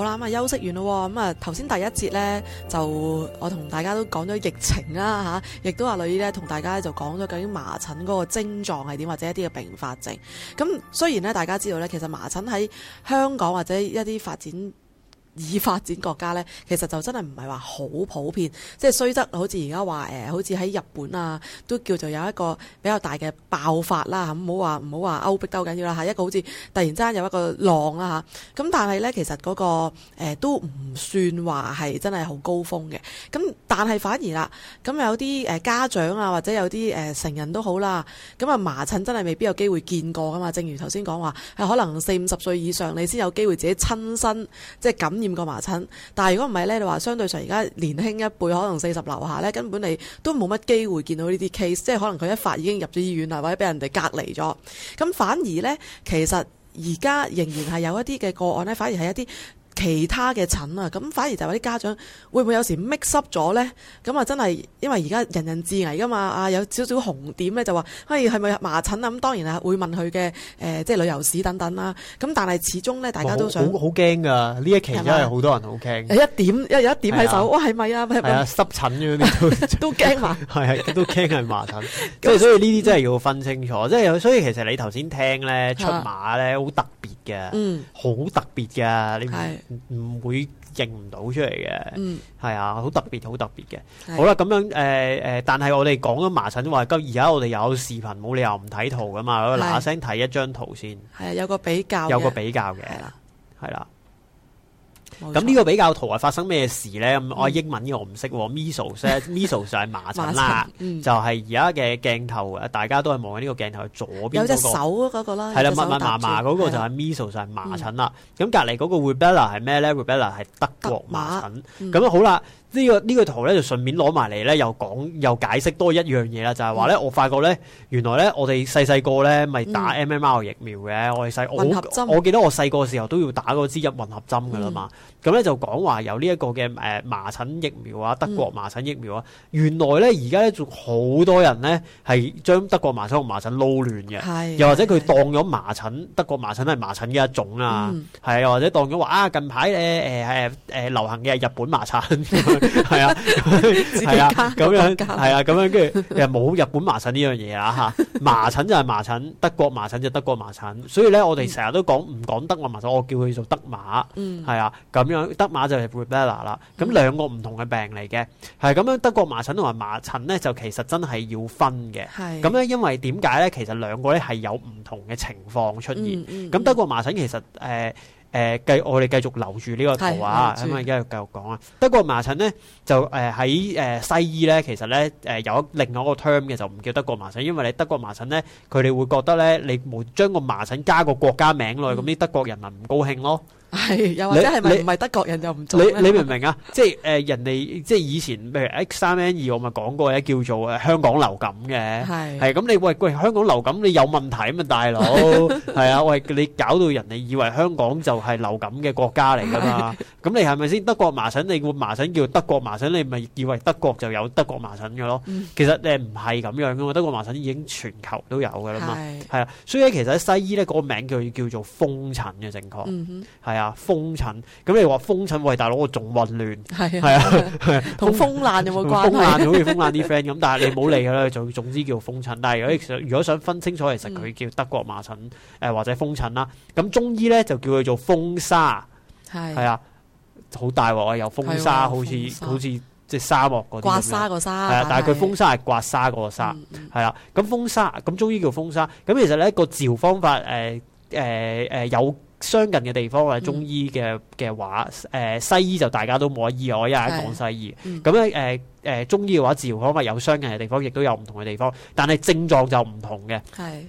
好啦，咁休息完咯，咁啊，頭先第一節呢，就我同大家都講咗疫情啦，吓、啊，亦都阿女咧同大家就講咗究竟麻疹嗰個症狀係點，或者一啲嘅併發症。咁雖然呢，大家知道呢，其實麻疹喺香港或者一啲發展。以發展國家呢，其實就真係唔係話好普遍，即係雖則好似而家話誒，好似喺日本啊，都叫做有一個比較大嘅爆發啦嚇，唔好話唔好話歐碧都好緊要啦嚇，一個好似突然之間有一個浪啦嚇，咁、啊、但係呢，其實嗰、嗰個、欸、都唔算話係真係好高峰嘅，咁但係反而啦，咁有啲誒家長啊，或者有啲誒成人都好啦，咁啊麻疹真係未必有機會見過噶嘛，正如頭先講話係可能四五十歲以上你先有機會自己親身即係感染過麻疹，但係如果唔係呢，你話相對上而家年輕一輩可能四十樓下呢，根本你都冇乜機會見到呢啲 case，即係可能佢一發已經入咗醫院啦，或者俾人哋隔離咗。咁反而呢，其實而家仍然係有一啲嘅個案呢，反而係一啲。其他嘅疹啊，咁反而就有啲家長會唔會有時 mix 濕咗咧？咁啊，真係因為而家人人自危噶嘛，啊有少少紅點咧，就話哎係咪麻疹啊？咁當然啊會問佢嘅誒，即係旅遊史等等啦。咁但係始終咧，大家都想好驚㗎。呢一期真係好多人好驚。一點有有一點喺手，哇係咪啊？係濕疹嗰啲都都驚埋。都驚係麻疹。即係所以呢啲真係要分清楚。即係所以其實你頭先聽咧出馬咧好特別嘅，好特別嘅呢唔會認唔到出嚟嘅，係、嗯、啊，好特別，好特別嘅。是好啦，咁樣誒誒、呃，但係我哋講咗麻疹話，咁而家我哋有視頻，冇理由唔睇圖㗎嘛，嗱是，聲睇一張圖先，係啊，有個比較，有個比較嘅，係啦、啊，啦、啊。咁呢個比較圖啊，發生咩事咧？咁我、嗯哎、英文嘅我唔識，Measles，所以 Measles 就係麻疹啦， 疹嗯、就係而家嘅鏡頭啊，大家都係望緊呢個鏡頭左邊、那個、有隻手嗰個啦，係啦，密密麻麻嗰個就係 Measles，就係麻疹啦。咁隔離嗰個 Rubella 係咩咧？Rubella 係德國麻疹。咁、嗯、好啦。呢個呢個圖咧就順便攞埋嚟咧，又講又解釋多一樣嘢啦，就係話咧，我發覺咧，原來咧我哋細細個咧咪打 MMR 疫苗嘅。我哋細我我記得我細個時候都要打嗰支一混合針噶啦嘛。咁咧就講話有呢一個嘅誒麻疹疫苗啊，德國麻疹疫苗啊。原來咧而家咧仲好多人咧係將德國麻疹同麻疹撈亂嘅，又或者佢當咗麻疹，德國麻疹係麻疹嘅一種啊，係啊，或者當咗話啊近排咧誒誒誒流行嘅日本麻疹。係啊，係啊， 咁樣係啊，咁樣跟住又冇日本麻疹呢樣嘢啦吓，麻疹就係麻疹，德國麻疹就德國麻疹，所以咧我哋成日都講唔講德國麻疹，我叫佢做德馬，係啊、嗯，咁 ella、嗯、樣德馬就係 Rebella 啦，咁兩個唔同嘅病嚟嘅，係咁樣德國麻疹同埋麻疹咧就其實真係要分嘅，咁咧的、嗯、因為點解咧？其實兩個咧係有唔同嘅情況出現，咁德國麻疹其實誒。呃誒，繼、呃、我哋繼續留住呢個圖啊，咁啊，而家繼續講啊。德國麻疹咧，就誒喺誒西醫咧，其實咧誒有另外一個 term 嘅，就唔叫德國麻疹，因為你德國麻疹咧，佢哋會覺得咧，你冇將個麻疹加個國家名落去、嗯，咁啲德國人民唔高興咯。係，又或者係咪唔係德國人又唔做？你你明唔明啊？即係誒，人哋即係以前，譬如 X 三 N 二，我咪講過嘅，叫做誒香港流感嘅。係係咁，你喂，喂香港流感，你有問題啊嘛，大佬。係啊，喂，你搞到人哋以為香港就係流感嘅國家嚟噶嘛？咁你係咪先德國麻疹？你會麻疹叫做德國麻疹，你咪以為德國就有德國麻疹嘅咯？其實你唔係咁樣噶，德國麻疹已經全球都有噶啦嘛。係係啊，所以其實喺西醫咧，嗰個名叫叫做風疹嘅正確。嗯哼，係啊。啊，風疹。咁你話，風疹？喂，大佬，我仲混亂。係啊，同風爛有冇關係？風爛好似風爛啲 friend 咁，但係你冇理佢啦。就總之叫風疹。但係如果想如果想分清楚，其實佢叫德國麻疹誒或者風疹啦。咁中醫咧就叫佢做風沙。係啊，好大鑊啊！有風沙，好似好似即係沙漠嗰啲刮沙個沙，係啊。但係佢風沙係刮沙個沙，係啊。咁風沙，咁中醫叫風沙。咁其實咧個治療方法誒誒誒有相近嘅地方或者中醫嘅嘅話，誒、嗯呃、西醫就大家都冇乜意外呀，是講西醫咁咧，誒誒、嗯呃、中醫嘅話治療方法有相近嘅地方，亦都有唔同嘅地方，但係症狀就唔同嘅。係。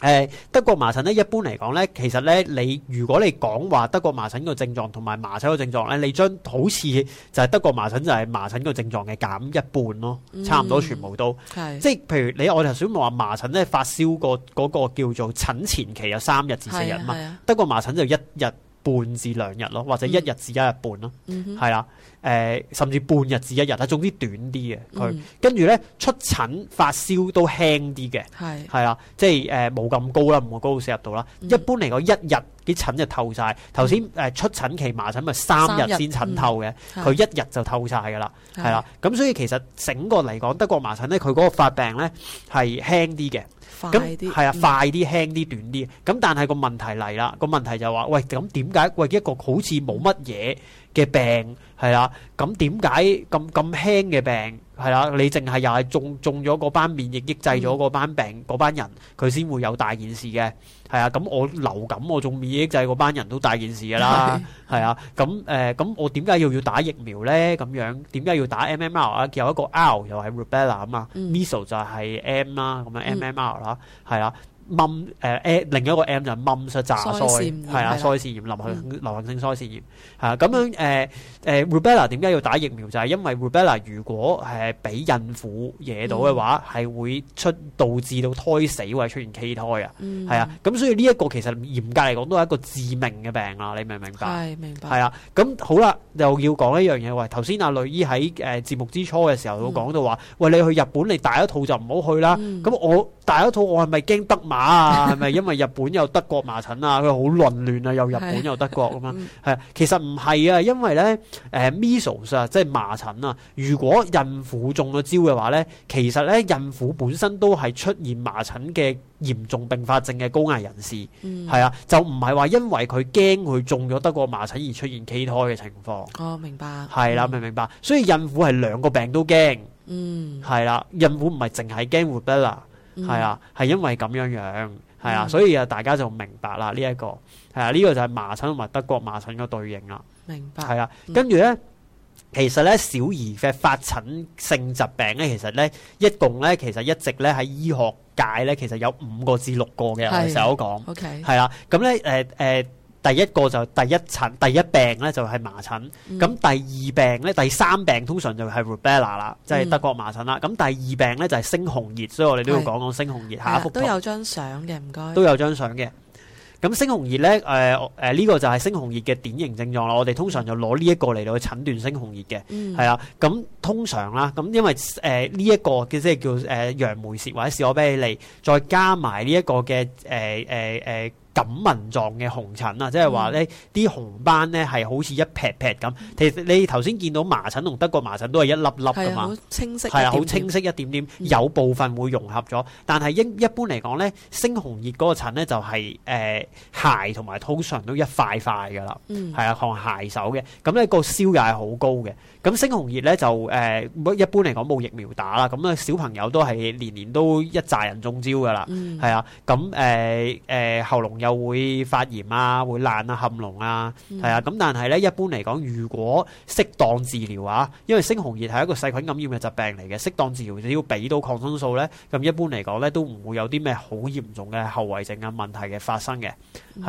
誒，德國麻疹咧，一般嚟講咧，其實咧，你如果你講話德國麻疹個症狀同埋麻疹個症狀咧，你將好似就係德國麻疹就係麻疹個症狀嘅減一半咯，差唔多全部都係，嗯、即係譬如你我頭先話麻疹咧，發燒過嗰個叫做疹前期有三日至四日嘛，德國麻疹就一日半至兩日咯，或者一日至一日半咯，係啦、嗯。嗯誒甚至半日至一日啊，總之短啲嘅佢，跟住咧出疹發燒都輕啲嘅，係係啦，即係誒冇咁高啦，唔會高到四十度啦。嗯、一般嚟講，一日啲疹就透晒。頭先誒出疹期麻疹咪三日先疹透嘅，佢、嗯、一日就透晒㗎啦，係啦的。咁所以其實整個嚟講，德國麻疹咧，佢嗰個發病咧係輕啲嘅。咁係啊，快啲、輕啲、短啲。咁但係個問題嚟啦，個問題就話、是、喂，咁點解喂，一個好似冇乜嘢嘅病係啦？咁點解咁咁輕嘅病係啦？你淨係又係中中咗嗰班免疫抑制咗嗰班病嗰班人，佢先、嗯、會有大件事嘅？係啊，咁我流感我仲免疫抑制嗰班人都大件事噶啦，係啊，咁 誒，咁我點解又要打疫苗咧？咁樣點解要打 MMR 啊？有一個 R 又係 Rubella 啊嘛，Measles 就係 M 啦，咁樣 MMR 啦，係啊。 嗯 冇誒誒，另一個 M 就冇曬炸腮，係啊，腮腺炎，淋流行性腮腺炎，係啊，咁樣誒誒、呃呃、，Rubella 點解要打疫苗？就係、是、因為 Rubella 如果誒俾孕婦惹到嘅話，係、嗯、會出導致到胎死或者出現畸胎啊，係啊，咁、嗯、所以呢一個其實嚴格嚟講都係一個致命嘅病啦，你明唔明白？係明白，係啊，咁好啦，又要講一樣嘢喂，頭先阿女醫喺誒節目之初嘅時候，會講到話：喂，你去日本，你戴一套就唔好去啦。咁、嗯嗯、我戴一套，我係咪驚得 啊，係咪因為日本有德國麻疹啊？佢好混亂啊，又日本又德國咁樣，係 其實唔係啊，因為咧，誒、呃、measles 啊，即係麻疹啊，如果孕婦中咗招嘅話咧，其實咧孕婦本身都係出現麻疹嘅嚴重併發症嘅高危人士，係啊、嗯，就唔係話因為佢驚佢中咗德國麻疹而出現畸胎嘅情況。哦，明白。係啦的，明唔、嗯、明白，所以孕婦係兩個病都驚。嗯，係啦，孕婦唔係淨係驚 Rubella。係啊，係因為咁樣樣，係啊，嗯、所以啊，大家就明白啦呢一個，係啊，呢、呢個就係麻疹同埋德國麻疹個對應啦。明白，係啊，跟住咧、嗯，其實咧，小兒嘅發疹性疾病咧，其實咧，一共咧，其實一直咧喺醫學界咧，其實有五個至六個嘅，我成日都講。OK，係啦、啊，咁、嗯、咧，誒、呃、誒。呃第一個就第一層第一病咧就係麻疹，咁、嗯、第二病咧、第三病通常就係 Rubella 啦，即係德國麻疹啦。咁、嗯、第二病咧就係猩紅熱，所以我哋都要講講猩紅熱。對下一幅都有張相嘅，唔該，都有張相嘅。咁猩紅熱咧，誒誒呢個就係猩紅熱嘅典型症狀啦。我哋通常就攞呢一個嚟到去診斷猩紅熱嘅，係啊、嗯。咁、嗯、通常啦，咁因為誒呢一個嘅即係叫誒楊梅舌或者士多啤梨，再加埋呢一個嘅誒誒誒。呃呃呃呃呃呃呃錦紋狀嘅紅疹啊，即係話咧啲紅斑咧係好似一撇撇咁。其實你頭先見到麻疹同德國麻疹都係一粒粒㗎嘛，係啊，好清晰，係啊，好清晰一點點。有部分會融合咗，但係一一般嚟講咧，猩紅熱嗰個疹咧就係誒鞋同埋通常都一塊塊㗎啦，嗯，係啊，紅鞋手嘅。咁咧個燒又係好高嘅。咁猩紅熱咧就誒一般嚟講冇疫苗打啦。咁咧小朋友都係年年都一紮人中招㗎啦，係啊。咁誒誒喉嚨。又會發炎啊，會爛啊，含膿啊，係、嗯、啊。咁但係咧，一般嚟講，如果適當治療啊，因為猩紅熱係一個細菌感染嘅疾病嚟嘅，適當治療你要俾到抗生素咧，咁一般嚟講咧都唔會有啲咩好嚴重嘅後遺症嘅、啊、問題嘅發生嘅，係、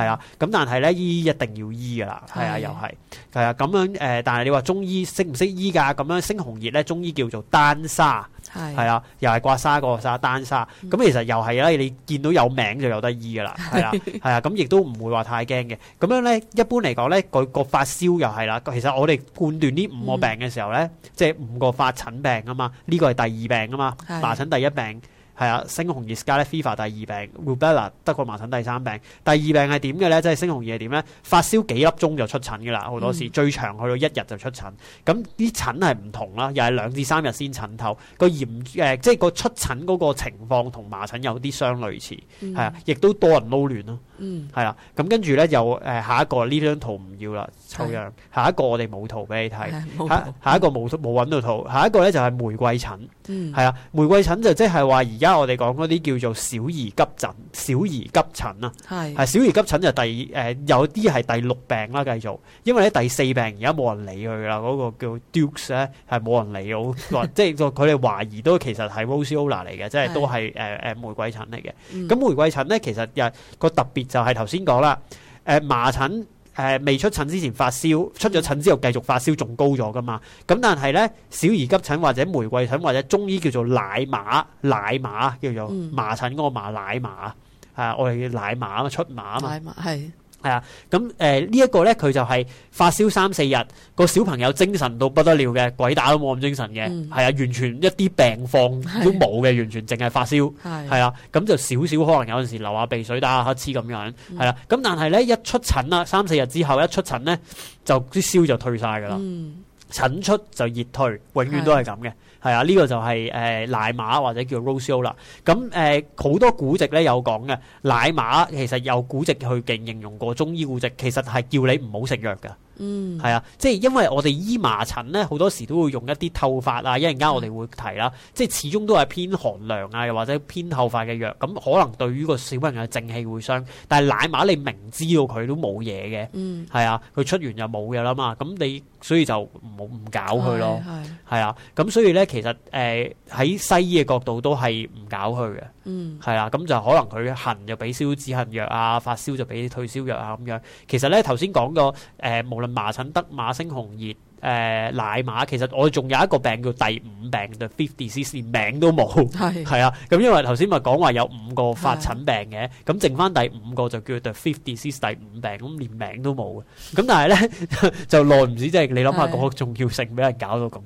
嗯、啊。咁但係咧，醫一定要醫噶啦，係、嗯、啊，又係，係啊，咁樣誒、呃。但係你話中醫識唔識醫噶？咁樣猩紅熱咧，中醫叫做丹沙。係，係又係刮痧、刮痧、單痧，咁、嗯、其實又係啦，你見到有名就有得醫噶啦，係啊的，係啊的，咁亦都唔會話太驚嘅。咁樣咧，一般嚟講咧，佢個發燒又係啦。其實我哋判斷呢五個病嘅時候咧，嗯、即係五個發疹病啊嘛，呢、呢個係第二病啊嘛，麻疹的第一病。係啊，猩紅熱加咧，Scarlet Fever 第二病，Rubella 德國麻疹第三病。第二病係點嘅咧？即係猩紅熱係點咧？發燒幾粒鐘就出疹嘅啦，好多時、嗯、最長去到一日就出疹。咁啲疹係唔同啦，又係兩至三日先疹透。個嚴誒、呃，即係個出疹嗰個情況同麻疹有啲相類似，係啊、嗯，亦都多人撈亂咯。係啦、嗯，咁跟住咧又誒，有下一個呢張圖唔要啦，抽樣。的下一個我哋冇圖俾你睇，嗯、下一個冇冇揾到圖。下一個咧就係玫瑰疹，係啊，玫瑰疹就即係話而家。而家我哋講嗰啲叫做小兒急疹，小兒急疹啊，係是，係小兒急疹就第，誒、呃、有啲係第六病啦，繼續，因為咧第四病而家冇人理佢啦，嗰、那個叫 Dukes 咧係冇人理好。 即係佢哋懷疑都其實係 Roseola 嚟嘅，即係都係誒誒玫瑰疹嚟嘅，咁、嗯、玫瑰疹咧其實又個特別就係頭先講啦，誒、呃、麻疹。誒、呃、未出疹之前發燒，出咗疹之後繼續發燒，仲高咗噶嘛？咁但係咧，小兒急疹或者玫瑰疹或者中醫叫做奶麻奶麻，叫做麻疹嗰個麻奶麻，啊、呃，我哋叫奶麻啊嘛，出麻啊嘛。奶麻，係。係啊，咁誒呢一個咧，佢就係發燒三四日，個小朋友精神到不得了嘅，鬼打都冇咁精神嘅，係啊，完全一啲病況都冇嘅，完全淨係發燒，係啊，咁就少少可能有陣時流下鼻水、打下乞嗤咁樣，係啦，咁但係咧一出疹啦，三四日之後一出疹咧，就啲燒就退晒㗎喇，疹出就熱退，永遠都係咁嘅。係啊，呢個就係誒奶麻或者叫 Rosio 啦。咁誒好多古籍咧有講嘅奶麻，其實有古籍去勁形容過，中醫古籍，其實係叫你唔好食藥嘅。嗯，係啊，即係因為我哋醫麻疹咧，好多時都會用一啲透發啊，一陣間我哋會提啦。嗯、即係始終都係偏寒涼啊，又或者偏透發嘅藥，咁、嗯、可能對於個小朋友嘅正氣會傷。但係奶麻你明知道佢都冇嘢嘅，嗯，係啊，佢出完就冇嘅啦嘛。咁你所以就唔好唔搞佢咯，係啊。咁所以咧，其實誒喺、呃、西醫嘅角度都係唔搞佢嘅，嗯，係啊。咁就可能佢痕就俾消止痕藥啊，發燒就俾退燒藥啊咁樣。其實咧頭先講個誒，無論麻疹得馬猩紅熱，誒奶麻，其實我仲有一個病叫第五病，叫 the fifth disease 連名都冇，係係啊，咁因為頭先咪講話有五個發疹病嘅，咁的剩翻第五個就叫做 the fifth disease 第五病，咁連名都冇咁，但係咧 就耐唔止，即係的你諗下個重要性俾人搞到咁。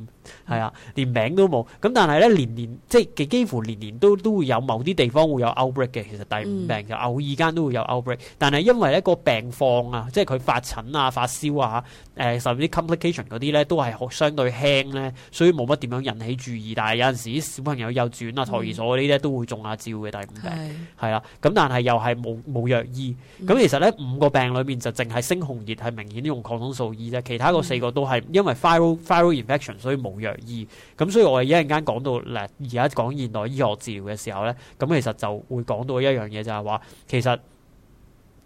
係啊，連名都冇。咁但係咧，年年即係幾乎年年都都會有某啲地方會有 outbreak 嘅。其實第五病就、嗯、偶爾間都會有 outbreak，但係因為咧、嗰個病況啊，即係佢發疹啊、發燒啊，誒、呃、甚至啲 complication 嗰啲咧都係相對輕咧，所以冇乜點樣引起注意。但係有陣時小朋友幼稚園啊、托、嗯、兒所嗰啲咧都會中下招嘅第五病。係啦、嗯，咁的但係又係冇冇藥醫。咁、嗯嗯、其實咧五個病裏面就淨係猩紅熱係明顯用抗生素醫啫，其他嗰四個都係因為 viral viral infection 所以冇。藥醫，咁所以我哋一陣間講到嗱，而家講現代醫學治療嘅時候咧，咁其實就會講到一樣嘢就係話，其實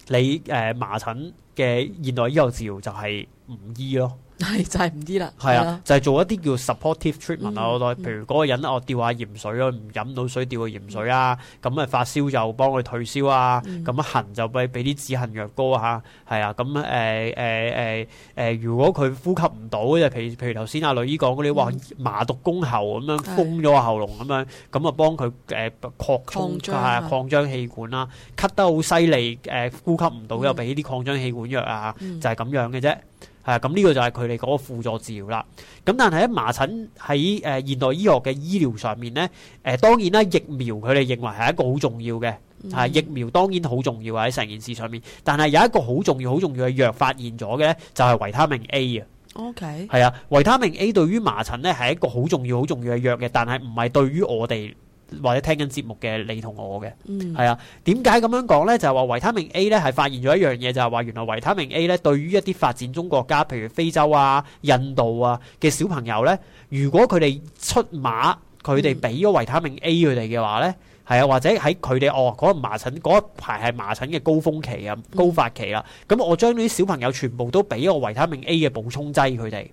你誒，麻疹嘅現代醫學治療就係唔醫咯。係 就係唔知啦，係啊，就係、是、做一啲叫 supportive treatment 啊，嗯、我譬如嗰個人我吊下鹽水，水，水啊，唔飲到水吊個鹽水啊，咁啊發燒就幫佢退燒啊，咁痕就俾俾啲止痕藥膏啊，係啊，咁誒誒誒誒，如果佢呼吸唔到，就是、譬如譬如頭先阿呂姨講嗰啲，哇麻毒攻喉咁樣封咗個喉嚨咁樣，咁啊幫佢誒擴充擴張氣管啦，咳得好犀利誒，呼吸唔到又俾啲擴張氣管藥啊，就係、是、咁樣嘅啫。係啊，咁呢個就係佢哋嗰個輔助治療啦。咁但係喺麻疹喺誒、呃、現代醫學嘅醫療上面咧，誒、呃、當然啦、啊，疫苗佢哋認為係一個好重要嘅，係、嗯、疫苗當然好重要喺、啊、成件事上面。但係有一個好重要、好重要嘅藥發現咗嘅，就係、是、維他命 A 啊。OK，係啊，維他命 A 對於麻疹咧係一個好重要、好重要嘅藥嘅，但係唔係對於我哋。或者聽緊節目嘅你同我嘅，係啊，點解咁樣講呢？就係話維他命 A 呢，係發現咗一樣嘢，就係話原來維他命 A 呢，對於一啲發展中國家，譬如非洲啊、印度啊嘅小朋友呢，如果佢哋出馬，佢哋俾咗維他命 A 佢哋嘅話呢，係啊，或者喺佢哋哦嗰個麻疹嗰一排係麻疹嘅高峯期啊、高發期啊，咁我將啲小朋友全部都俾個維他命 A 嘅補充劑佢哋，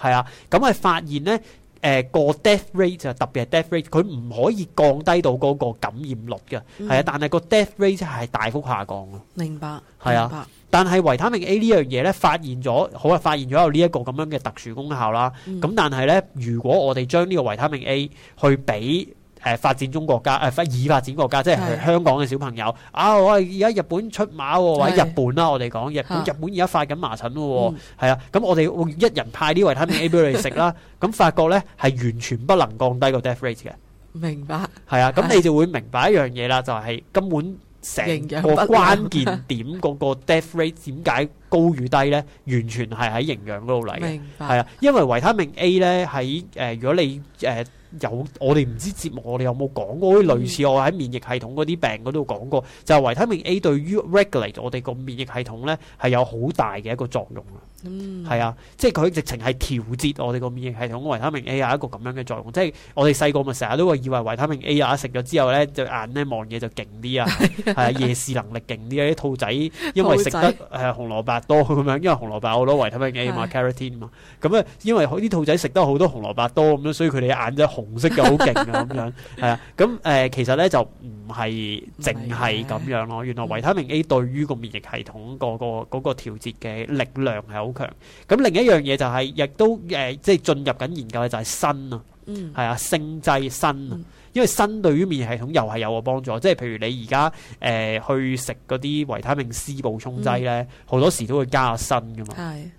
係啊，咁係發現呢。誒、呃、個 death rate 就特別係 death rate，佢唔可以降低到嗰個感染率嘅，係啊、嗯，但係個 death rate 係大幅下降咯。明白，係啊的，白但係維他命 A 呢樣嘢咧，發現咗，好啊，發現咗有呢一個咁樣嘅特殊功效啦。咁、嗯、但係咧，如果我哋將呢個維他命 A 去俾。誒，發展中國家，誒以發展國家，即係香港嘅小朋友啊！我而家日本出馬喎，或者日本啦，我哋講日本，日本而家發緊麻疹喎，係啊！咁我哋會一人派啲維他命 A 俾佢哋食啦。咁發覺咧，係完全不能降低個 death rate 嘅。明白。係啊，咁你就會明白一樣嘢啦，就係根本成個關鍵點，嗰個 death rate 點解高與低咧，完全係喺營養嗰度嚟嘅。明白。係啊，因為維他命 A 咧喺誒，如果你誒。有我哋唔知節目，我哋有冇講過類似我喺免疫系統嗰啲病嗰度講過，嗯、就係維他命 A 對於 regulate 我哋個免疫系統咧係有好大嘅一個作用啦。係、嗯、啊，即係佢直情係調節我哋個免疫系統。維他命 A 有一個咁樣嘅作用，即係我哋細個咪成日都會以為維他命 A 啊食咗之後咧，隻眼咧望嘢就勁啲啊，係 啊，夜視能力勁啲啊。啲兔仔因為食得係仔、呃、紅蘿蔔多咁樣，因為紅蘿蔔好多，多維他命 A 嘛的，carotene 嘛，咁啊，因為啲兔仔食得好多紅蘿蔔多咁樣，所以佢哋眼就紅。紅色嘅好勁啊，咁樣係啊，咁誒，其實咧就唔係淨係咁樣咯。原來維他命 A 對於個免疫系統、嗰個、嗰個、嗰個調節嘅力量係好強。咁另一樣嘢就係、係，亦都誒、呃，即係進入緊研究嘅就係鋅、嗯、啊，係啊，勝制鋅啊。因為鋅對於免疫系統又係有個幫助。即係譬如你而家誒去食嗰啲維他命 C 補充劑咧，好、嗯、多時都會加個鋅噶嘛。嗯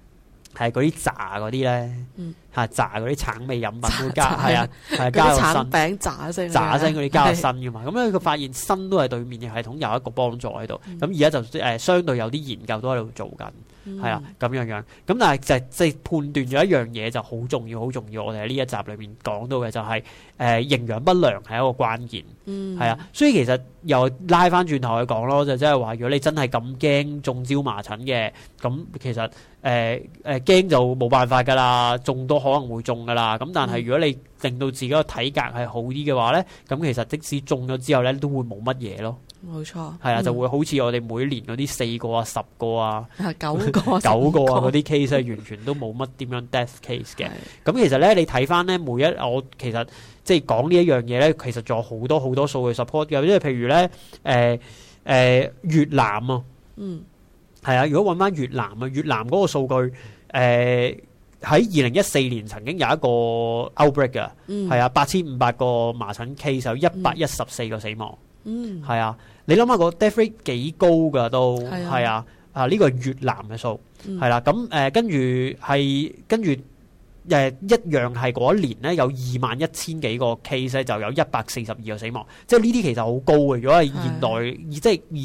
係嗰啲炸嗰啲咧，嚇、嗯、炸嗰啲橙味飲品會加，加係啊，係、啊、 加肉身，橙炸，炸一聲，炸一嗰啲加鋅噶嘛。咁咧佢發現鋅都係對免疫系統有一個幫助喺度。咁而家就誒相對有啲研究都喺度做緊。係啊，咁樣樣，咁但係就即係判斷咗一樣嘢就好重要，好重要。我哋喺呢一集裏面講到嘅就係、是，誒營養不良係一個關鍵，係、嗯、啊。所以其實又拉翻轉頭去講咯，就即係話，如果你真係咁驚中招麻疹嘅，咁、嗯、其實誒誒驚就冇辦法噶啦，中都可能會中噶啦。咁但係如果你令到自己個體格係好啲嘅話咧，咁其實即使中咗之後咧，都會冇乜嘢咯。冇錯，係 啊，就會好似我哋每年嗰啲四個啊、十個啊、九 個，個、九個啊嗰啲 case，係完全都冇乜點樣 death case 嘅。咁 其實咧，你睇翻咧，每一我其實即係講呢一樣嘢咧，其實仲有好多好多數據 support 嘅。即係譬如咧，誒、呃、誒、呃、越南啊，嗯，係啊，如果搵翻越南啊，越南嗰個數據，誒喺二零一四年曾經有一個 outbreak 嘅，係、嗯、啊，八千五百個麻疹 case 有一百一十四個死亡。嗯 嗯，係啊，你諗下個 death rate 幾高噶都，係啊，啊，啊呢、呢個越南嘅數係啦，咁誒、嗯啊嗯、跟住係跟住誒一樣係嗰一年咧有二萬一千幾個 case 就有一百四十二個死亡，即係呢啲其實好高嘅，如果係現代，啊、即係而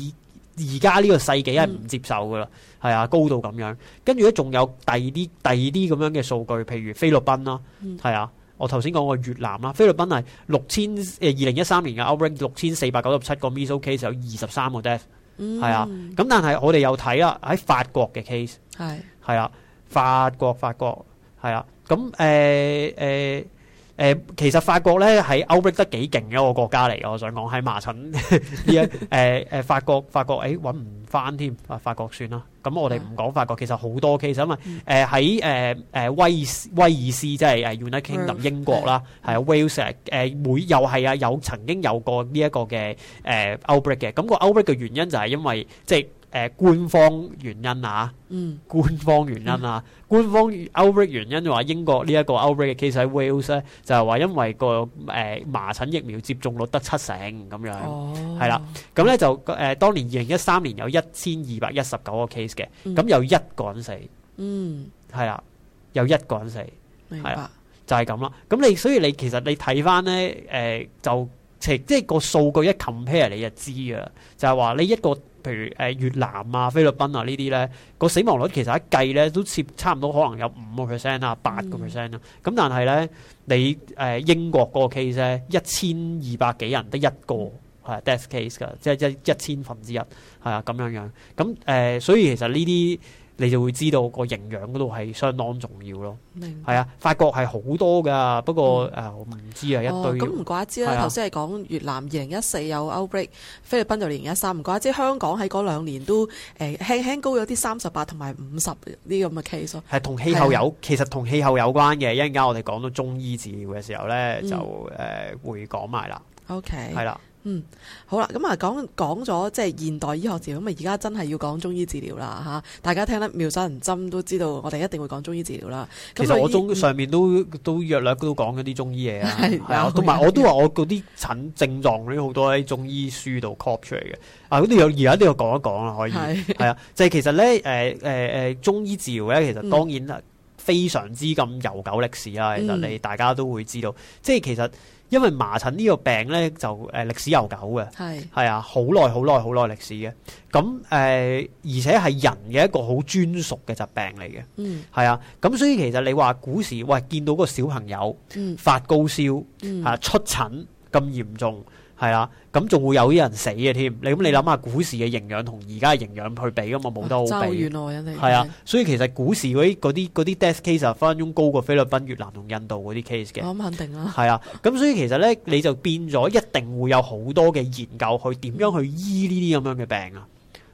而家呢個世紀係唔接受噶啦，係、嗯、啊，高到咁樣，跟住咧仲有第二啲第二啲咁樣嘅數據，譬如菲律賓啦，係、嗯、啊。我頭先講過越南啦，菲律賓係六千，誒二零一三年嘅 outbreak 六千四百九十七個 miso case 有二十三個 death，係啊、嗯，咁但係我哋又睇啦，喺法國嘅 case，係係啊，法國法國係啊，咁誒誒。嗯呃呃誒、呃、其實法國咧喺 outbreak 得幾勁一個國家嚟嘅，我想講喺麻疹呢一誒誒法國法國誒揾唔翻添，啊、欸、法國算啦。咁我哋唔講法國，其實好多 case 其實因為誒喺誒誒威爾威爾斯，威爾斯即係 United Kingdom R oof, 英國啦，係的啊 Wales 誒、呃、會又係啊有曾經有過呢一個嘅誒 outbreak 嘅。咁、呃 out 那個 outbreak 嘅原因就係因為即係。誒官方原因啊，嗯、呃，官方原因啊，嗯、官方 outbreak 原因就、啊、話、嗯、英國呢一個 outbreak 嘅 case 喺 Wales 咧，就係話因為、那個誒、呃、麻疹疫苗接種率得七成咁樣，係啦、哦，咁咧就誒、呃、當年二零一三年有一千二百一十九個 case 嘅，咁、嗯、有一個人死，嗯，係啊，有一個人死，明白，就係咁啦。咁你所以你，所以你其實你睇翻咧，誒、呃、就即係個數據一 compare 你就知㗎喇，就係、是、話你一個。譬如誒、呃、越南啊、菲律賓啊呢啲咧，個死亡率其實一計咧都涉差唔多，可能有五個 percent 啊、八個 percent 啊。咁、嗯、但係咧，你誒、呃、英國個 case 咧，一千二百幾人得一個係、啊、death case 㗎，即係一一千分之一係啊咁樣樣。咁、嗯、誒、呃，所以其實呢啲。你就會知道個營養嗰度係相當重要咯，明白、係啊，法國係好多噶，不過誒、嗯呃，我唔知啊，一堆。咁唔、哦、怪之啦，頭先係講越南二零一四有 outbreak，菲律賓就二零一三，唔怪之香港喺嗰兩年都誒、呃、輕輕高咗啲三十八同埋五十呢咁嘅 case、啊。係同氣候有，啊、其實同氣候有關嘅，一陣間我哋講到中醫治療嘅時候咧，嗯、就誒、呃、會講埋啦。OK，係啦、啊。嗯，好啦，咁、嗯、啊，講講咗即係現代醫學治療，咁啊，而家真係要講中醫治療啦，吓，大家聽得妙手銀針都知道，我哋一定會講中醫治療啦。嗯、其實我中上面都都約略都講咗啲中醫嘢對啊，係啊哇，同埋有我都話我嗰啲診症狀好多喺中醫書度 copy 出嚟嘅，啊，嗰啲有而家都要講一講啦，可以係 啊，即、就、係、是、其實咧，誒誒誒，中醫治療咧，其實當然非常之咁悠久歷史啦、嗯，其實你大家都會知道，即係其實。因為麻疹呢個病咧就誒、呃、歷史悠久嘅，係係係啊，好耐好耐好耐歷史嘅，咁誒、呃、而且係人嘅一個好專屬嘅疾病嚟嘅，係、嗯、啊，咁所以其實你話古時喂、呃、見到個小朋友發高燒嚇、嗯嗯啊、出疹咁嚴重。係啦，咁仲會有啲人死嘅添。你咁你諗下古時嘅營養同而家嘅營養去比嘅嘛，冇得好比。係啊，啊所以其實古時嗰啲啲啲 death case 啊，分分鐘高過菲律賓、越南同印度嗰啲 case 嘅。我諗肯定啦。係啊，咁所以其實咧，你就變咗一定會有好多嘅研究去點樣去醫呢啲咁樣嘅病啊。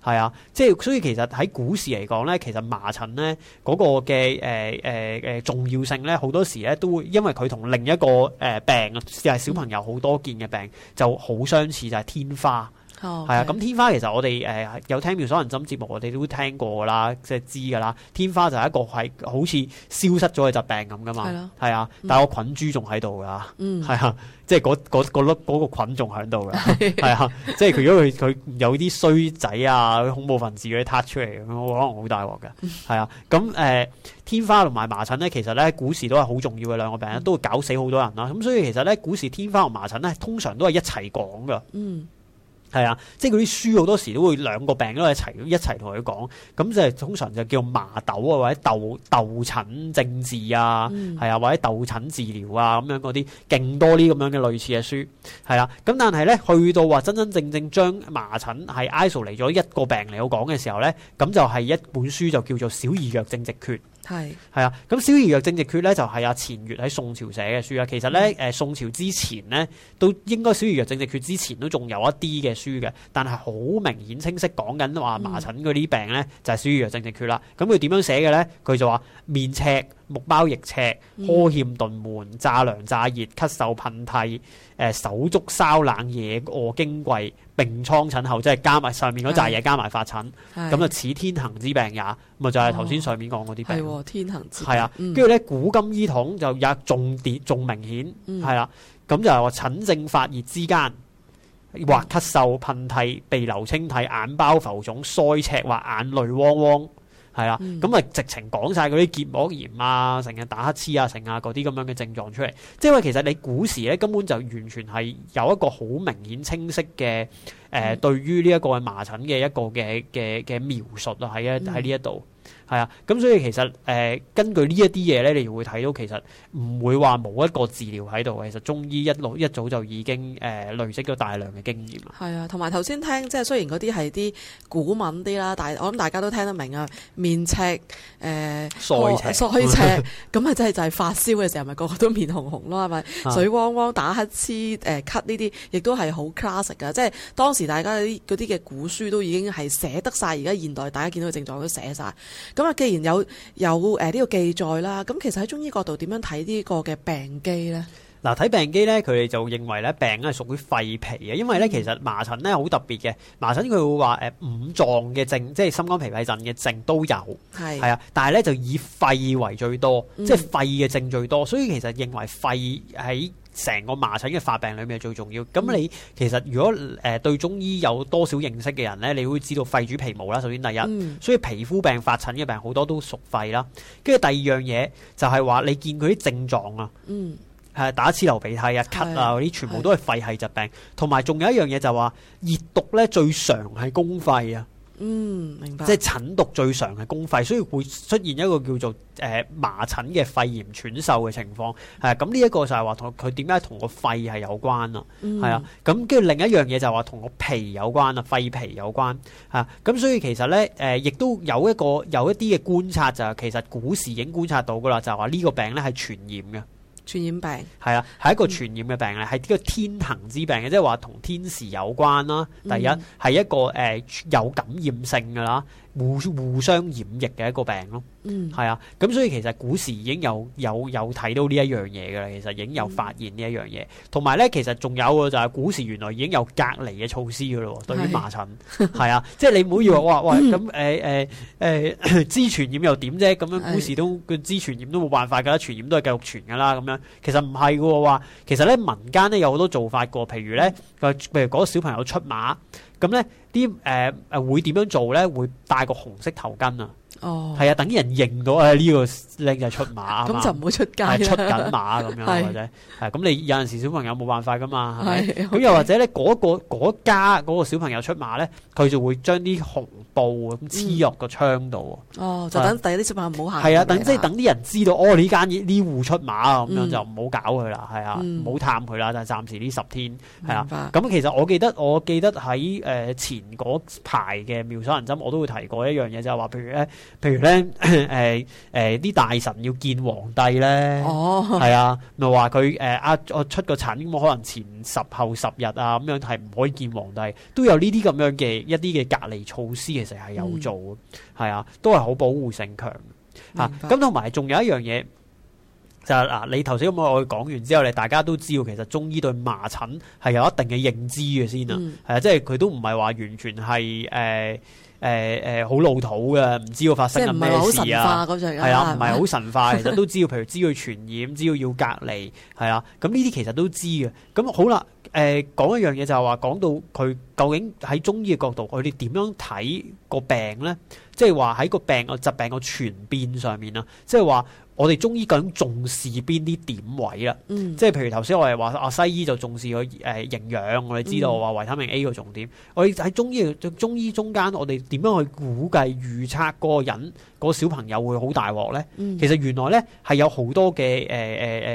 係啊，即係所以其實喺古時嚟講咧，其實麻疹咧嗰個嘅誒誒誒重要性咧，好多時咧都會因為佢同另一個誒、呃、病，又、就、係、是、小朋友好多見嘅病，就好相似就係、是、天花。係啊，咁、哦 okay. 天花其實我哋誒、呃、有聽妙手銀針節目，我哋都聽過啦，即係知噶啦。天花就係一個係好似消失咗嘅疾病咁噶嘛，係啊的，但係個菌株仲喺度噶，係啊、嗯，即係嗰粒嗰個菌仲喺度噶，係啊， 即係如果佢佢有啲衰仔啊，恐怖分子嘅突出嚟，我可能好大鑊嘅，係啊。咁、嗯、誒，嗯嗯、天花同埋麻疹咧，其實咧古時都係好重要嘅兩個病，都會搞死好多人啦。咁所以其實咧古時天花同麻疹咧，通常都係一齊講噶。嗯係啊，即係嗰啲書好多時都會兩個病都一齊，一齊同佢講，咁就係通常就叫麻豆，豆，豆啊、嗯、啊，或者豆豆疹證治啊，係啊，或者豆疹治療啊咁樣嗰啲，勁多啲咁樣嘅類似嘅書，係啦、啊。咁但係咧，去到話真真正正將麻疹係 isolate 嚟咗一個病嚟講嘅時候咧，咁就係一本書就叫做《小兒藥證直訣》。係，係啊，咁《小兒藥證直訣》咧就係阿錢乙喺宋朝寫嘅書啊。其實咧，誒宋朝之前咧，都應該《小兒藥證直訣》之前都仲有一啲嘅書嘅，但係好明顯清晰講緊話麻疹嗰啲病咧就係《小兒藥證直訣》啦。咁佢點樣寫嘅咧？佢就話面赤。木包亦赤、呵欠頓悶、炸涼炸熱、咳嗽噴嚏、誒、呃、手足梢冷、夜卧驚悸、病瘡疹後，即係加埋上，上面嗰扎嘢加埋發疹，咁是就似天行之病也。咪是就係頭先上面講嗰啲病，哦。天行之病。係啊，跟住咧，古今醫統就有重點，仲明顯，係啦，啊。咁就係話診症發熱之間，嗯，或咳嗽噴嚏、鼻流清涕、眼包浮腫、腮赤或眼淚汪，汪汪。係啦，咁啊直情講晒嗰啲結膜炎啊，成日打乞嗤啊，成啊嗰啲咁樣嘅症狀出嚟，即係話其實你古時咧根本就完全係有一個好明顯清晰嘅誒，呃嗯、對於呢一個麻疹嘅一個嘅嘅嘅描述啊，喺一喺呢一度。嗯係啊，咁、嗯、所以其實誒、呃，根據呢一啲嘢咧，你會睇到其實唔會話冇一個治療喺度。其實中醫一路一早就已經誒、呃、累積咗大量嘅經驗。係啊，同埋頭先聽即係雖然嗰啲係啲古文啲啦，但係我諗大家都聽得明啊。面赤誒，腮、呃、赤，腮赤咁啊，即係 就係、就係、發燒嘅時候，咪個個都面紅紅咯，係咪？啊、水汪汪打乞嗤誒，咳呢啲亦都係好 classic 嘅。即係當時大家啲嗰啲嘅古書都已經係寫得晒，而家現代大家見到嘅症狀都寫晒。咁啊，既然有有誒呢、呃呢個記載啦，咁其實喺中醫角度點樣睇呢個嘅病機咧？嗱，睇病機咧，佢哋就認為咧，病咧係屬於肺脾嘅，因為咧其實麻疹咧好特別嘅，麻疹佢會話誒五臟嘅症，即係心肝脾肺腎嘅症都有，係係啊，但係咧就以肺為最多，嗯、即係肺嘅症最多，所以其實認為肺喺成個麻疹嘅發病裏面最重要，咁你其實如果誒、呃、對中醫有多少認識嘅人咧，你會知道肺主皮毛啦。首先第一，嗯、所以皮膚病發疹嘅病好多都屬肺啦。跟住第二樣嘢就係話，你見佢啲症狀、嗯呃、啊，係打乞嗤流鼻涕啊、咳啊嗰啲，全部都係肺系疾病。同埋仲有一樣嘢就話熱毒咧，最常係攻肺啊。嗯，明白。即係疹毒最常嘅攻肺，所以會出現一個叫做誒、呃、麻疹嘅肺炎喘嗽嘅情況。係咁呢一個就係話同佢點解同個肺系有關啦，係、嗯、啊。咁跟住另一樣嘢就係話同個脾有關啦，肺脾有關。吓咁，所以其實咧誒，亦、呃、都有一個有一啲嘅觀察就係、是，其實古時已經觀察到噶啦，就係話呢個病咧係傳染嘅。傳染病係啊，係一個傳染嘅病咧，係呢個天行之病嘅，即係話同天時有關啦。第一，係一個誒、呃、有感染性㗎啦。互互相染疫嘅一個病咯，嗯，係啊，咁所以其實古時已經有有有睇到呢一樣嘢噶啦，其實已經有發現一有呢一樣嘢，同埋咧，其實仲有嘅就係古時原來已經有隔離嘅措施噶咯，是對於麻疹，係 啊，即係你唔好以為哇喂，咁誒誒誒，知、欸欸欸、傳染又點啫？咁樣古時都嘅知傳染都冇辦法噶，傳染都係繼續傳噶啦，咁樣其實唔係嘅話，其實咧民間咧有好多做法噶，譬如咧，譬如嗰個小朋友出馬，咁咧。啲誒誒會點樣做咧？會戴個紅色頭巾啊！哦，係啊、oh.，等啲人認到啊呢、哎這個靚仔出馬咁 就唔好出街啦，出緊馬咁樣 或者係咁，你有陣時小朋友冇辦法噶嘛，係咁又或者咧，嗰、那個嗰家嗰、那個小朋友出馬咧，佢就會將啲紅布咁黐落個窗度啊、嗯，哦，就等第啲出馬唔好行，係啊，等即係等啲人知道，哦呢間呢戶出馬啊，咁樣、嗯、就唔好搞佢啦，係啊，唔好、嗯、探佢啦，就暫、是、時呢十天係啊，咁白其實我記得我記得喺誒、呃、前嗰排嘅妙手銀針我都會提過一樣嘢就係、是、話，譬如譬如咧，誒、呃、誒，啲、呃呃、大臣要見皇帝咧，係、哦、啊，咪話佢誒啊，我、呃、出個診，咁可能前十後十日啊，咁樣係唔可以見皇帝，都有呢啲咁樣嘅一啲嘅隔離措施，其實係有做嘅，係、嗯、啊，都係好保護性強，明白啊。咁同埋仲有一樣嘢就嗱、是啊，你頭先咁我講完之後，你大家都知道，其實中醫對麻疹係有一定嘅認知嘅先啊，係、嗯、啊，即係佢都唔係話完全係誒。呃誒誒，好、呃、老土嘅，唔知個發生係咩事啊！係啊，唔係好神化， 其實都知道，譬如知佢傳染，知要要隔離，係啊。咁呢啲其實都知嘅。咁好啦，誒、呃、講一樣嘢就係話，講到佢究竟喺中醫嘅角度，我哋點樣睇個病咧？即係話喺個病個疾病個傳變上面啦，即係話我哋中醫究竟重視邊啲點位啦。即係譬如頭先我哋話啊，西醫就重視個誒、呃、營養，我哋知道話維他命 A 個重點。嗯、我哋喺中、中醫中中中間，我哋點樣去估計預測嗰個人嗰、嗰個、小朋友會好大鑊咧？嗯、其實原來咧係有好多嘅誒誒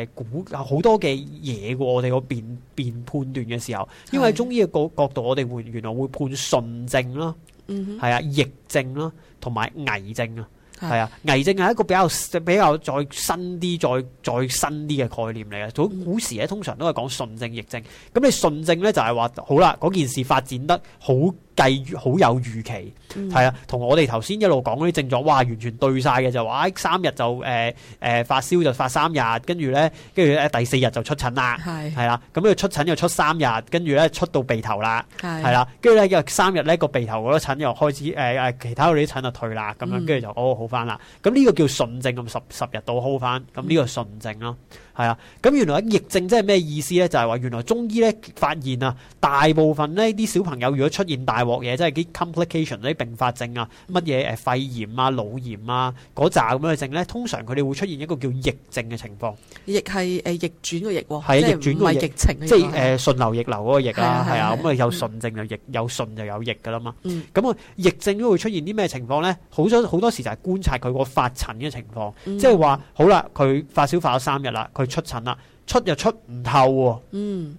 誒估好多嘅嘢嘅，我哋個辨辨判斷嘅時候，因為喺中醫嘅角角度，我哋會原來會判順證啦。的嗯哼，係啊，疫症咯、啊，同埋危症啊，係啊，危症係一個比較比較再新啲、再再新啲嘅概念嚟嘅。咁古時咧、啊，通常都係講順症、疫症。咁你順症咧就係、是、話，好啦，嗰件事發展得好。計好有預期，係啊，同我哋頭先一路講嗰啲症狀，哇，完全對晒嘅就話，三日就誒誒、呃呃、發燒就發三日，跟住咧，跟住咧第四日就出診啦，係係啦，咁呢個出疹又出三日，跟住咧出到鼻頭啦，係啦，跟住咧三日咧個鼻頭嗰啲疹又開始誒誒、呃，其他嗰啲疹就退啦，咁樣跟住就哦好翻啦，咁呢、這個叫順症咁十十日到好翻，咁、這、呢個順症咯。係啊，咁原來疫症即係咩意思咧？就係話原來中醫咧發現啊，大部分呢啲小朋友如果出現大鑊嘢，即係啲 complication 啲併發症啊，乜嘢誒肺炎啊、腦炎啊嗰扎咁樣嘅症咧，通常佢哋會出現一個叫疫症嘅情況。亦係誒逆轉嗰個疫喎。係啊，逆轉嗰個疫情，即係誒順流逆流嗰個疫啊，係啊，咁啊有順症就逆，有順就有逆噶啦嘛。咁啊，疫症都會出現啲咩情況咧？好咗好多時就係觀察佢個發疹嘅情況，即係話好啦，佢發燒發咗三日啦，出疹啦，出又出唔透，嗯，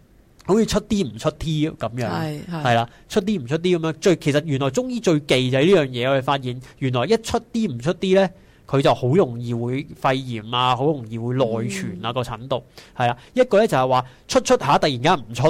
好似出啲唔出啲咁樣，係係啦，出啲唔出啲咁樣，最其實原來中醫最忌就係呢樣嘢，我哋發現原來一出啲唔出啲咧，佢就好容易會肺炎啊，好容易會內傳啊個疹毒。係啊，一個咧就係話出出下突然間唔出，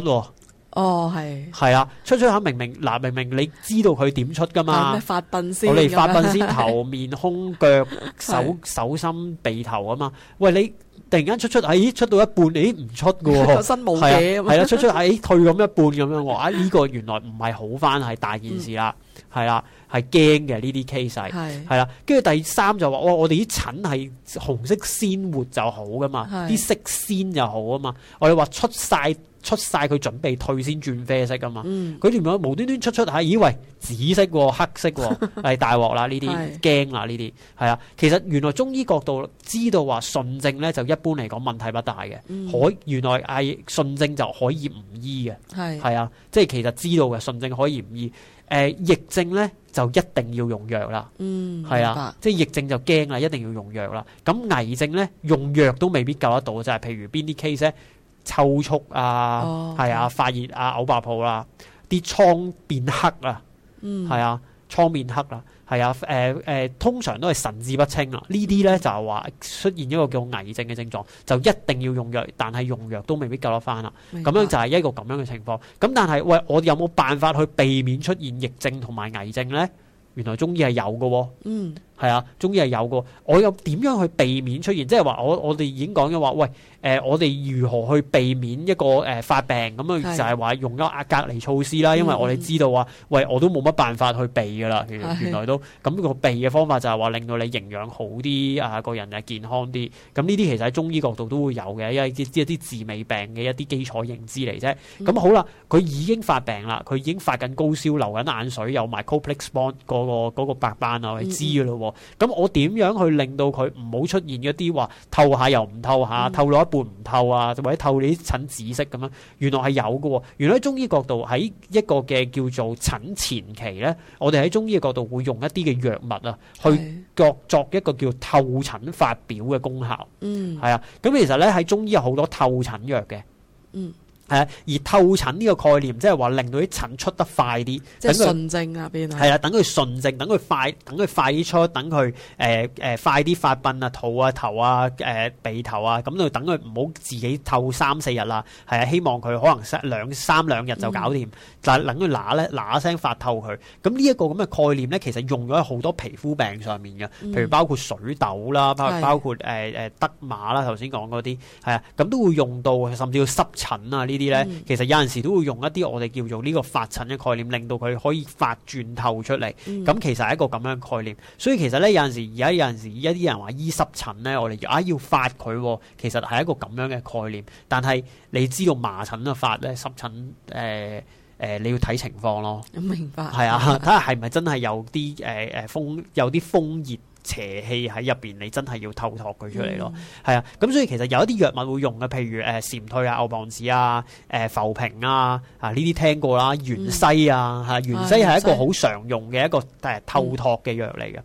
哦係係啊，出出下明明嗱明明你知道佢點出噶嘛，發鬢先我哋發鬢先頭面胸腳手手心鼻頭啊嘛，喂你。突然間出出喺、哎、出到一半，咦、哎、唔出嘅喎，有新冇嘢係啦，出出喺、哎、退咁一半咁樣喎，呢、這個原來唔係好翻，係大件事啦，係啦、嗯，係驚嘅呢啲 case，係係啦。跟住是的 第三就話、是：哇、哦，我哋啲疹係紅色鮮活就好噶嘛，啲是的 色鮮就好啊嘛。我哋話出晒。」出晒佢準備退先轉啡色噶嘛？佢仲有無端端出出嚇？以為紫色、啊、黑色係、啊、 大鑊啦！呢啲驚啦！呢啲係啊，其實原來中醫角度知道話順症咧，就一般嚟講問題不大嘅。嗯、可原來係、啊、順症就可以唔醫嘅，係係是啊，即係其實知道嘅順症可以唔醫。誒、呃，逆症咧就一定要用藥啦。嗯，係啊，即係、啊、逆症就驚啦，一定要用藥啦。咁危症咧用藥都未必救得到，就係、是、譬如邊啲 case 咧？抽搐啊，係、哦、啊，發熱啊，嘔白泡啦，啲瘡變黑啊，係啊噢，瘡變黑啦，係啊噢，誒誒噢，通常都係神志不清啊。呢啲咧、嗯、就係話出現一個叫危症嘅症狀，就一定要用藥，但係用藥都未必救得返啦，咁白樣就係一個咁樣嘅情況。咁但係喂，我哋有冇辦法去避免出現疫症同埋危症咧？原來中醫係有㗎，嗯。係啊，中醫係有個，我又點樣去避免出現？即係話我我哋已經講咗話，喂，誒、呃，我哋如何去避免一個誒、呃、發病咁樣？就係、是、話用咗個隔離措施啦。因為我哋知道話，喂，我都冇乜辦法去避噶啦。原來都咁、那個避嘅方法就係話令到你營養好啲啊，個人啊健康啲。咁呢啲其實喺中醫角度都會有嘅，因為一啲一啲治未病嘅一啲基礎認知嚟啫。咁、嗯、好啦，佢已經發病啦，佢已經發緊高燒，流緊眼水，有埋 complex bond 嗰、那個那個那個白斑啊，我哋知噶啦咁我點樣去令到佢唔好出現一啲話透下又唔透下，嗯、透落一半唔透啊，或者透你啲疹紫色咁樣？原來係有嘅。哦，原來喺中醫角度，喺一個嘅叫做疹前期咧，我哋喺中醫嘅角度會用一啲嘅藥物啊，去各作一個叫透疹發表嘅功效。嗯，係啊。咁其實咧喺中醫有好多透疹藥嘅。嗯。係啊，而透疹呢個概念，即係話令到啲疹出得快啲，即係純正啊！邊啊？係啊，等佢純正，等佢快，等佢快啲出，等佢誒誒快啲發癲啊，肚啊，頭啊，誒鼻頭啊，咁就等佢唔好自己透三四日啦。係啊，希望佢可能兩三兩日就搞掂，就等佢嗱咧嗱聲發透佢。咁呢一個咁嘅概念咧，其實用咗喺好多皮膚病上面嘅，譬如包括水痘啦，包括誒誒德馬啦，頭先講嗰啲係啊，咁都會用到，甚至要濕疹啊呢啲咧，嗯、其實有陣時都會用一啲我哋叫做呢個發疹嘅概念，令到佢可以發轉透出嚟。咁其實係一個咁樣嘅概念。所以其實咧，有陣時而家有陣時一啲人話醫濕疹咧，我哋啊要發佢、哦，其實係一個咁樣嘅概念。但係你知道麻疹嘅發咧，濕疹誒誒，你要睇情況咯。明白。係啊，睇下係咪真係有啲誒誒風有啲風熱。邪氣喺入邊，你真係要透托佢出嚟咯，係啊、嗯。咁所以其實有一啲藥物會用嘅，譬如誒、呃、蟬退、呃、啊、牛蒡子啊、誒浮萍啊，啊呢啲聽過啦。芫茜啊，係芫茜係一個好常用嘅一個誒透托嘅藥嚟嘅，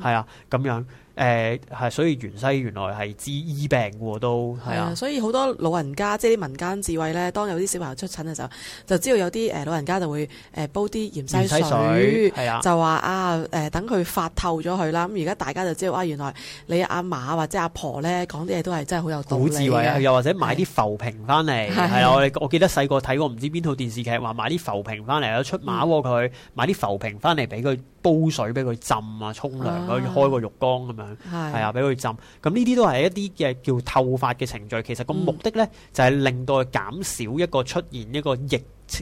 係啊、嗯，咁、嗯嗯、樣。誒，係、呃、所以芫茜原來係治醫病嘅都係啊，所以好多老人家即係啲民間智慧咧，當有啲小朋友出疹嘅時候，就知道有啲誒、呃、老人家就會誒、呃、煲啲芫茜水，係啊，就話啊誒、呃、等佢發透咗佢啦。咁而家大家就知道啊，原來你阿嫲或者阿婆咧講啲嘢都係真係好有道理好智慧啊。又或者買啲浮萍翻嚟，係是啊， 啊，我我記得細個睇過唔知邊套電視劇話買啲浮萍翻嚟，啊出麻佢，買啲浮萍翻嚟俾佢。嗯煲水俾佢浸啊，沖涼可以開個浴缸咁樣，係啊的，俾佢浸。咁呢啲都係一啲嘅叫透發嘅程序。其實個目的咧、嗯、就係令到佢減少一個出現一個疫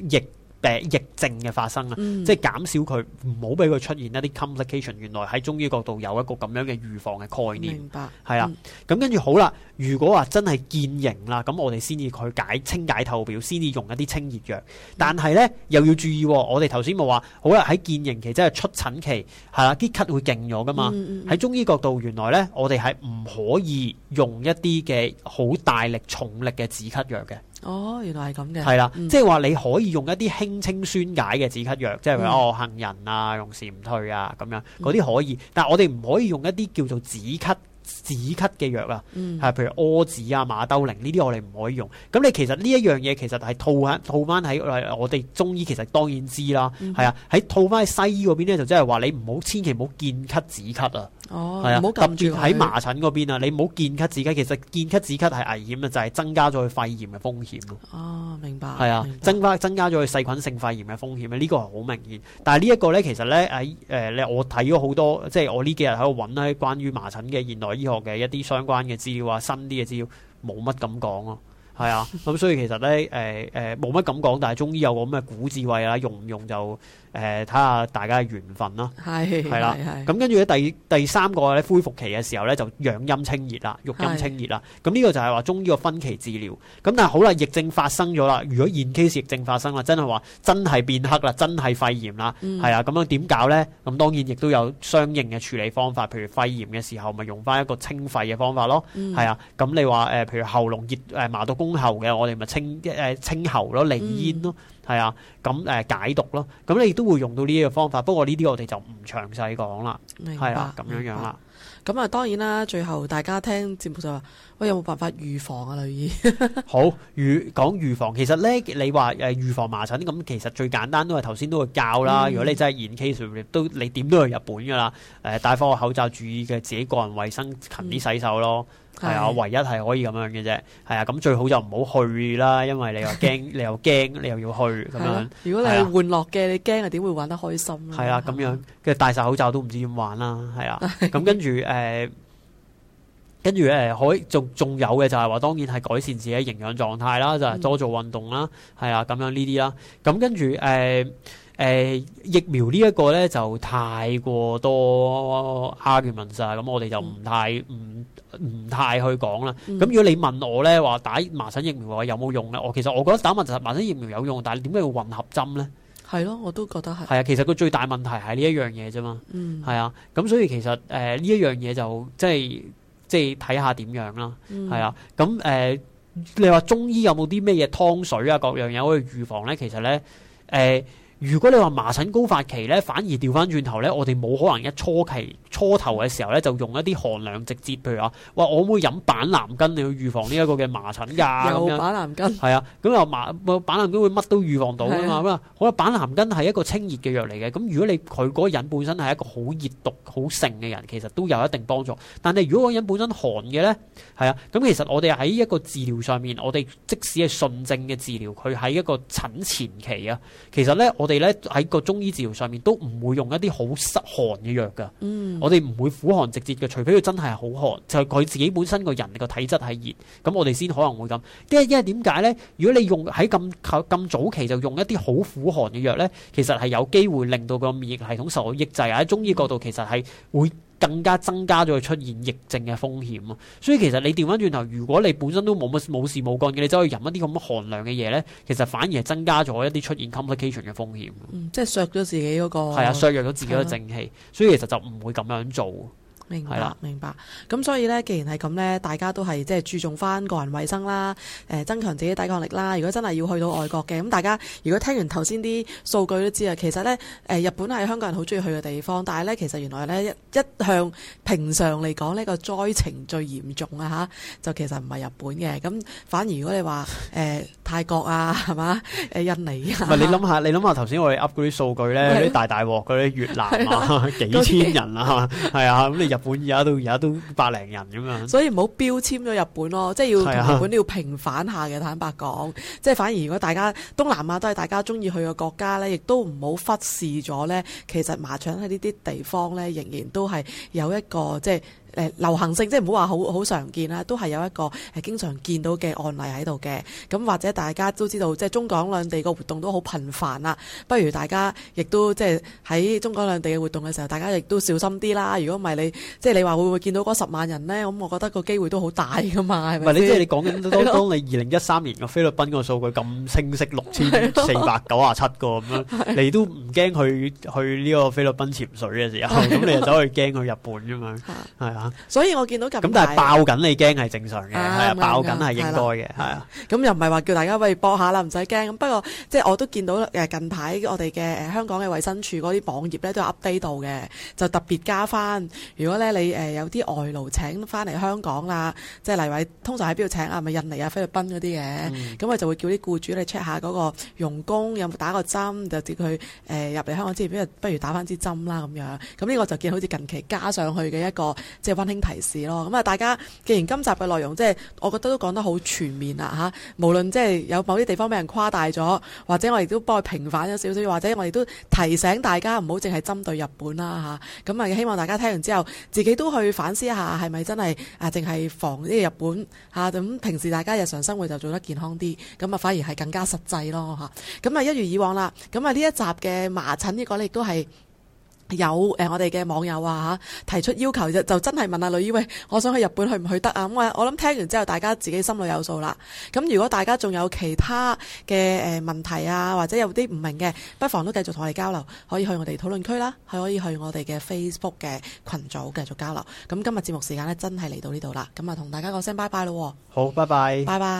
疫病、呃、疫症嘅發生啊，嗯、即係減少佢唔好俾佢出現一啲 complication。原來喺中醫角度有一個咁樣嘅預防嘅概念，明白？係啊的，咁跟住好啦。如果話真係見形啦，咁我哋先至去解清解透表，先至用一啲清熱藥。但係呢，又要注意、哦，我哋頭先冇話，好啦，喺見形期即係出疹期，係啦，啲咳會勁咗噶嘛。喺、嗯嗯、中醫角度，原來呢，我哋係唔可以用一啲嘅好大力重力嘅止咳藥嘅。哦，原來係咁嘅。係啦的，嗯、即係話你可以用一啲輕清宣解嘅止咳藥，即係譬、嗯、哦杏仁啊、用蟬退啊咁樣，嗰啲可以。但係我哋唔可以用一啲叫做止咳。止咳嘅藥啦，係、嗯、譬如訶子啊、馬兜鈴呢啲我哋唔可以用。咁你其實呢一樣嘢其實係套翻，套翻喺我哋中醫其實當然知啦，係、嗯、啊，喺套翻喺西醫嗰邊咧就即係話你唔好，千祈唔好見咳止咳啊。哦，係啊，冇住喺麻疹嗰邊啊，你唔好見咳止咳，其實見咳止咳係危險嘅，就係、是、增加咗佢肺炎嘅風險、啊、哦，明白。係啊增，增加增加咗佢細菌性肺炎嘅風險啊，呢、這個係好明顯。但係呢一個咧，其實咧喺誒，我睇咗好多，即、就、係、是、我呢幾日喺度揾啦，關於麻疹嘅現代醫學嘅一啲相關嘅資料啊，新啲嘅資料冇乜咁講咯。係啊，咁、啊、 所以其實咧，誒、呃、誒，冇乜咁講，但係中醫有個咁嘅古智慧啊，用唔用就？誒，睇下、呃、大家嘅緣分啦，係啦是，咁跟住咧，第第三個咧恢復期嘅時候咧，就養陰清熱啦，育陰清熱啦。咁呢的個就係話中醫個分期治療。咁但係好啦，疫症發生咗啦，如果現期時疫症發生啦，真係話真係變黑啦，真係肺炎啦，係啊、嗯，咁樣點搞咧？咁當然亦都有相應嘅處理方法，譬如肺炎嘅時候，咪用翻一個清肺嘅方法咯，係啊、嗯。咁你話誒、呃，譬如喉嚨熱誒麻到公喉嘅，我哋咪清一清，清喉咯，利咽咯、嗯。係啊，咁誒解毒咯，咁你都會用到呢一個方法。不過呢啲我哋就唔詳細講啦，係啊白，咁樣樣啦。咁啊，當然啦，最後大家聽節目就話，喂，有冇辦法預防啊，類醫？好預講預防，其實咧你話誒預防麻疹，咁其實最簡單都係頭先都會教啦。如果你真係延期，都你點都去日本噶啦，誒戴翻個口罩，注意嘅自己個人衞生，勤啲洗手咯。係啊，唯一係可以咁樣嘅啫。係啊，咁最好就唔好去啦，因為你又驚， 你又驚，你又要去咁樣， 啊。如果你係玩樂嘅， 你驚係點會玩得開心咧？係啦，啊，咁樣跟住戴晒口罩都唔知點玩啦。係啊，咁 跟住誒、呃，跟住咧，可仲仲有嘅就係話，當然係改善自己營養狀態啦，就係、是、多做運動啦。係、嗯、啊，咁樣呢啲啦。咁跟住誒。呃誒、呃、疫苗呢一個咧就太過多 argument 晒，咁我哋就唔太唔唔、嗯嗯、太去講啦。咁、嗯、如果你問我咧，話打麻疹疫苗話有冇用咧，我其實我覺得打麻疹麻疹疫苗有用，但係點解要混合針咧？係咯，我都覺得係。係啊，其實個最大問題係呢一樣嘢啫嘛。嗯，係啊，咁所以其實誒呢、呃這個、一樣嘢，就即係即係睇下點樣啦。係啊、嗯，咁誒、呃、你話中醫有冇啲咩嘢湯水啊，各樣嘢可以預防咧？其實咧誒。呃呃如果你話麻疹高發期咧，反而掉翻轉頭咧，我哋冇可能一初期初頭嘅時候咧，就用一啲寒涼直接，譬如話，哇！我會飲板藍根嚟去預防呢一個嘅麻疹㗎。又 板藍根。係啊，咁又麻，板藍根會乜都預防到㗎嘛咁啊。好啦，板藍根係一個清熱嘅藥嚟嘅。咁如果你佢嗰個人本身係一個好熱毒、好盛嘅人，其實都有一定幫助。但係如果嗰個人本身寒嘅咧，係啊，咁其實我哋喺一個治療上面，我哋即使係順症嘅治療，佢喺一個疹前期啊，其實咧我。我哋咧喺個中醫治療上面都唔會用一啲好濕寒嘅藥噶，嗯、我哋唔會苦寒直接嘅，除非佢真係好寒，就係佢自己本身個人嘅體質係熱，咁我哋先可能會咁。即係因為點解咧？如果你用喺咁咁早期就用一啲好苦寒嘅藥咧，其實係有機會令到個免疫系統受到抑制。喺中醫角度，其實係會。更加增加咗佢出現疫症嘅風險啊！所以其實你調翻轉頭，如果你本身都冇乜冇事冇幹嘅，你走去飲一啲咁嘅寒涼嘅嘢咧，其實反而係增加咗一啲出現 complication 嘅風險。嗯，即係削咗自己嗰、嗰個係 啊，削弱咗自己嘅正氣，所以其實就唔會咁樣做。明白，明白的。咁、嗯、所以呢，既然係咁呢，大家都係即係注重翻個人衛生啦，誒、呃，增強自己抵抗力啦。如果真係要去到外國嘅，咁大家如果聽完頭先啲數據都知啊，其實呢，誒、呃，日本係香港人好中意去嘅地方，但係呢，其實原來呢，一向平常嚟講呢個疫情最嚴重啊吓，就其實唔係日本嘅，咁反而如果你話誒、呃、泰國啊，係嘛，誒印尼啊，唔係你諗下，你諗下頭先我哋 update 啲數據呢，啲是的 大大鑊嗰啲越南啊，幾千人啊，係啊是的、嗯，咁你 日本而家都而家都百零人咁啊，所以唔好標籤咗日本咯，即係要同日本都要平反下嘅。是的 坦白講，即係反而如果大家東南亞都係大家中意去嘅國家咧，亦都唔好忽視咗咧。其實麻疹喺呢啲地方咧，仍然都係有一個即係。誒流行性即係唔好話好好常見啦，都係有一個誒經常見到嘅案例喺度嘅。咁或者大家都知道，即係中港兩地個活動都好頻繁啦。不如大家亦都即係喺中港兩地嘅活動嘅時候，大家亦都小心啲啦。如果唔係你即係你話會唔會見到嗰十萬人呢？咁我覺得個機會都好大噶嘛。係咪是？吧你即係你講緊當你二零一三年個菲律賓個數據咁清晰，六千四百九十七個咁樣，的你都唔驚去去呢個菲律賓潛水嘅時候，咁的你就走去驚去日本啫嘛？係。所以我見到近咁，但係爆緊你驚係正常嘅，係啊，係啊爆緊係應該嘅，係啊。咁又唔係話叫大家喂，搏下啦，唔使驚。咁不過即係、嗯嗯、我都見到誒近排我哋嘅誒香港嘅衛生署嗰啲網頁咧都 update 到嘅，就特別加翻，如果咧你誒有啲外勞請翻嚟香港啦，即係例如通常喺邊度請啊？係咪印尼啊、菲律賓嗰啲嘢。咁我、嗯、就會叫啲僱主你 check 下嗰個傭工有冇打過針，就叫佢誒入嚟香港之前，不如打翻支針啦咁樣。咁呢個就見好似近期加上去嘅一個。溫馨提示咯，咁啊，大家既然今集嘅內容即係，我覺得都講得好全面啦吓。無論即係有某啲地方俾人誇大咗，或者我哋都幫佢平反咗少少，或者我哋都提醒大家唔好淨係針對日本啦吓。咁啊，希望大家聽完之後，自己都去反思一下，係咪真係啊，淨係防呢個日本吓？咁平時大家日常生活就做得健康啲，咁啊反而係更加實際咯吓。咁啊，一如以往啦，咁啊呢一集嘅麻疹呢個咧，亦都係。有誒、呃，我哋嘅網友啊嚇提出要求就，就真係問阿女議員，我想去日本去唔去得啊？咁、嗯、我我諗聽完之後，大家自己心裏有數啦。咁、嗯、如果大家仲有其他嘅誒、呃、問題啊，或者有啲唔明嘅，不妨都繼續同我哋交流，可以去我哋討論區啦，可以去我哋嘅 Facebook 嘅群組繼續交流。咁、嗯、今日節目時間呢，真係嚟到呢度、嗯、啦。咁啊，同大家講聲拜拜咯。好，拜拜，拜拜。拜拜。